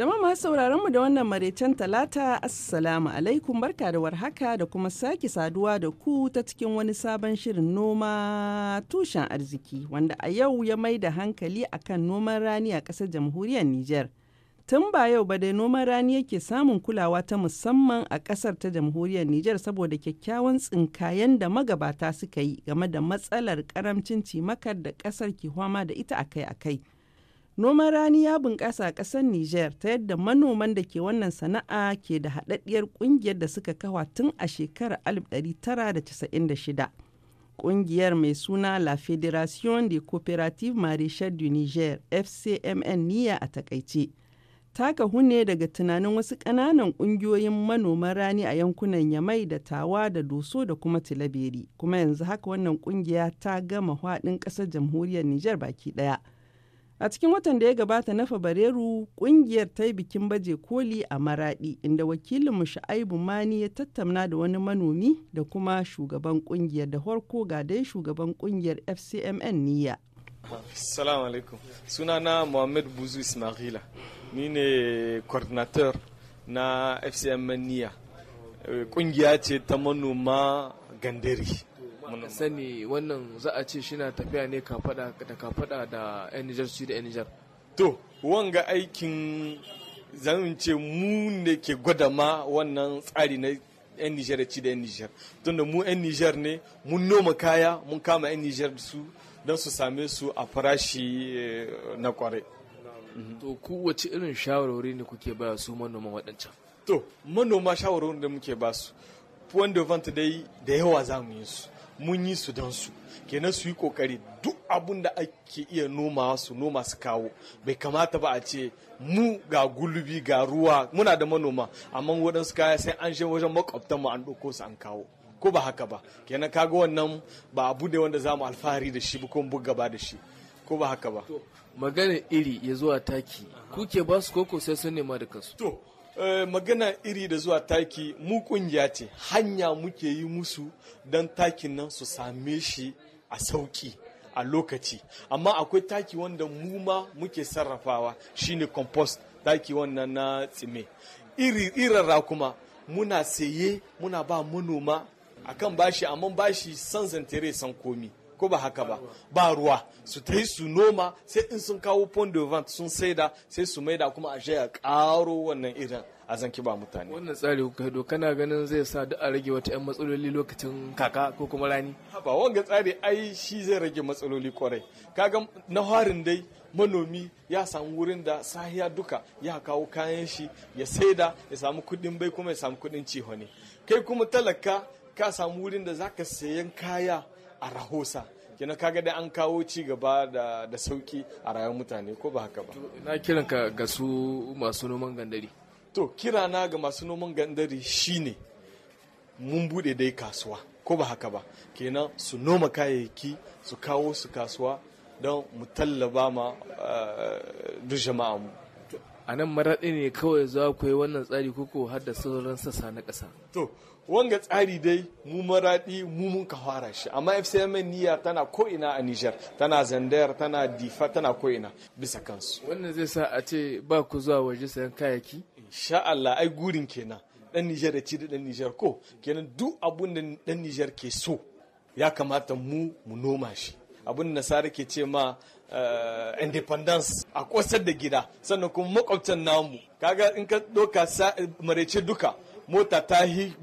Jama'a masu sauraron mu da wannan maraicen talata assalamu alaikum barka da warhaka da kuma sake saduwa da ku ta cikin wani sabon shirin noma tushen arziki wanda a yau ya mai da hankali akan noman rani a ƙasar jamhuriyar Nijar. Tun ba yau ba dai noman rani yake samun kulawa ta musamman a ƙasar ta jamhuriyar Nijar saboda kyakkyawan tsinkayen da magabata suka yi game da matsalar karamcin cimakar da ƙasar ke fama da ita akai-akai. Noman rani ya bunƙasa a ƙasar Nijar ta yadda manoman da ke wannan sana'a ke da haɗaɗɗiyar ƙungiyar da suka kawa tun a shekarar 1996. Ƙungiyar mai suna La Fédération de Coopératives Maraîchères du Niger FCMN niya a takaice. ta hune daga tunanin wasu ƙananan ƙungiyoyin manoman rani a yankunan Yamai da Tawa da Doso da kuma Tilaberi. Kuma yanzu haka wannan ƙungiya ta gama haɗin ƙasar jamhuriyar Nijar baki ɗaya. A cikin watan da ya gabata na Fabrairu, kungiyar ta yi bikin baje koli a Maradi, inda wakilin Sha'aibu Mani ya tattauna da wani manomi da kuma shugaban kungiyar da horko ga dai shugaban kungiyar FCMN niya. salamu alaikum. na Muhammad Buzu Ismaila. Ni ne coordinator na FCMN niya Kungiya eh, ce ta manoma gandari. sani wannan za a ce shi na tafiya ne kafada da kafada da yan nijar su da yan nijar to wanga aikin zanen ce mu ne ke gwada ma wannan tsari na yan nijar ci da yan nijar tunda mu yan nijar ne mun noma kaya mun kama yan nijar su don su same su a farashi eh, na kwarai to ku wace irin shawarwari ne kuke baya su manoma waɗancan to manoma shawarwari da muke ba su wanda vanta dai da yawa za mu yi su mun yi su don su kenan su yi kokari duk abun da ake iya noma su noma su kawo bai kamata ba a ce mu ga gulubi ga ruwa muna da manoma amma waɗansu kaya sai an shi wajen makwabtanmu an ɗauko su an kawo ko ba haka ba kenan kaga wannan ba abu ne wanda za mu alfahari da shi ba mu gaba da shi ko ba haka ba magana iri ya zuwa taki kuke ba su koko sai sun nema da kansu to Eh, magana iri da zuwa taki mu kungiya ce hanya muke yi musu don takin nan su same shi a sauki a lokaci amma akwai taki wanda mu ma muke sarrafawa shine compost taki wannan na tsime iri irara kuma muna saye muna ba manoma akan bashi amma bashi san zantere san komi ko ba haka ba ba ruwa su ta su noma sai in sun kawo pond de vent sun saida sai su maida kuma a a karo wannan irin a zan ba mutane wannan tsari kana ganin zai sa duk a rage wata yan matsaloli lokacin kaka ko kuma rani ba wanga tsari ai shi zai rage matsaloli kwarai kaga na harin dai manomi ya samu wurin da sahiya duka ya kawo kayan shi ya saida ya samu kudin bai kuma ya samu kudin ciho ne kai kuma talaka ka samu wurin da zaka sayan kaya a rahosa kina kaga da an kawo ci gaba da, da sauki a rayuwar mutane ko ba haka ba na kiran ka ga su masu noman gandari to kirana ga masu noman gandari shine mun bude dai kasuwa ko ba haka ba kenan su noma kayayyaki su kawo su kasuwa don mu tallaba ma uh, jama'a mu a nan maraɗi ne kawai za ku yi wannan tsari ko har da sauran sassa na ƙasa to wanga tsari dai mu maraɗi mu mun ka fara shi amma FCM niyya tana ko'ina a Nijar tana zandar tana difa tana ko'ina bisa kansu wannan zai sa a ce ba ku zuwa waje sayan kayayyaki insha Allah ai gurin kenan dan niger da ci da dan niger ko kenan duk abun da dan Nijar ke so ya kamata mu mu noma shi abin da nasara ke ce ma eh, independence a kosar da gida sannan kuma makwabtan namu kaga in ka doka marece duka mota ta hi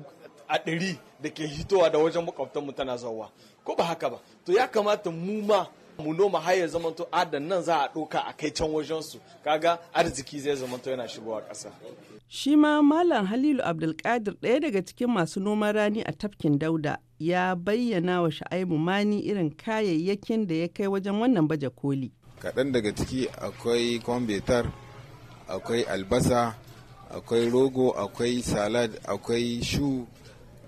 a ɗari da ke hitowa da wajen mu tana zauwa ko ba haka ba to ya kamata mu ma mu noma har ya zamanto adan nan za a ɗauka a kai can wajen su kaga arziki zai zamanto yana shigowa ƙasa. Shi ma Malam Halilu Abdulkadir ɗaya daga cikin masu noman rani a tafkin Dauda ya bayyana wa Sha'aibu Mani irin kayayyakin da ya kai wajen wannan baje koli. Kaɗan daga ciki akwai kwambetar, akwai albasa, akwai rogo, akwai salad, akwai shu,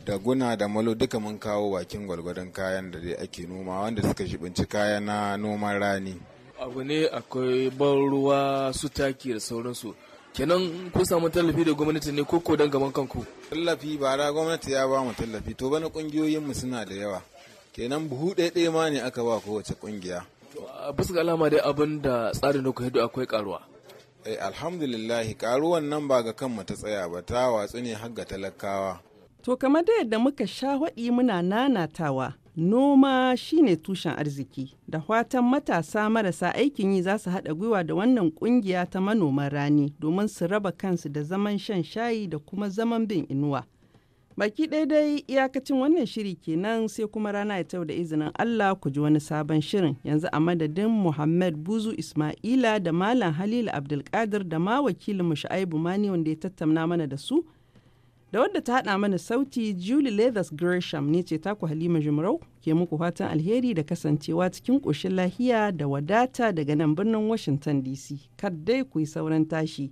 da guna da malo duka mun kawo bakin gwalgwadon kayan da dai ake noma wanda suka shibinci kaya na noman rani abu ne akwai ban ruwa su taki da sauransu kenan kun samu tallafi da gwamnati ne koko don gaban kanku tallafi ba da gwamnati ya ba mu tallafi to bana kungiyoyin mu suna da yawa kenan buhu ɗaya ɗaya ma ne aka ba kowace kungiya bisa ga alama dai abin da tsarin da ku akwai karuwa eh, alhamdulillahi karuwan nan ba ga kanmu ta tsaya ba ta watsu ne har ga talakawa To kamar da yadda muka sha haɗi muna nanatawa, noma shine tushen arziki, da fatan matasa marasa aikin yi za su haɗa gwiwa da wannan ƙungiya ta manoman rani domin su raba kansu da zaman shan shayi da kuma zaman bin inuwa. Baki daidai dai iyakacin wannan shiri kenan sai kuma rana ya tau da izinin Allah ku ji wani sabon shirin yanzu a madadin Muhammad Buzu Ismaila da Malam Halilu Abdulkadir da ma wakilin mu Shu'aibu Mani wanda ya tattauna mana da su. da wadda ta haɗa mana sauti Julie Leathers Gresham ne ce taku Halima Jumrau ke muku fatan alheri da kasancewa cikin ƙoshin lahiya da wadata daga nan birnin Washington DC. Kar dai ku yi sauran tashi.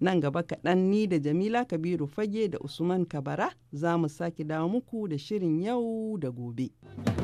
Nan gaba kaɗan ni da Jamila Kabiru Fage da Usman Kabara za mu sake dawo muku da shirin yau da gobe.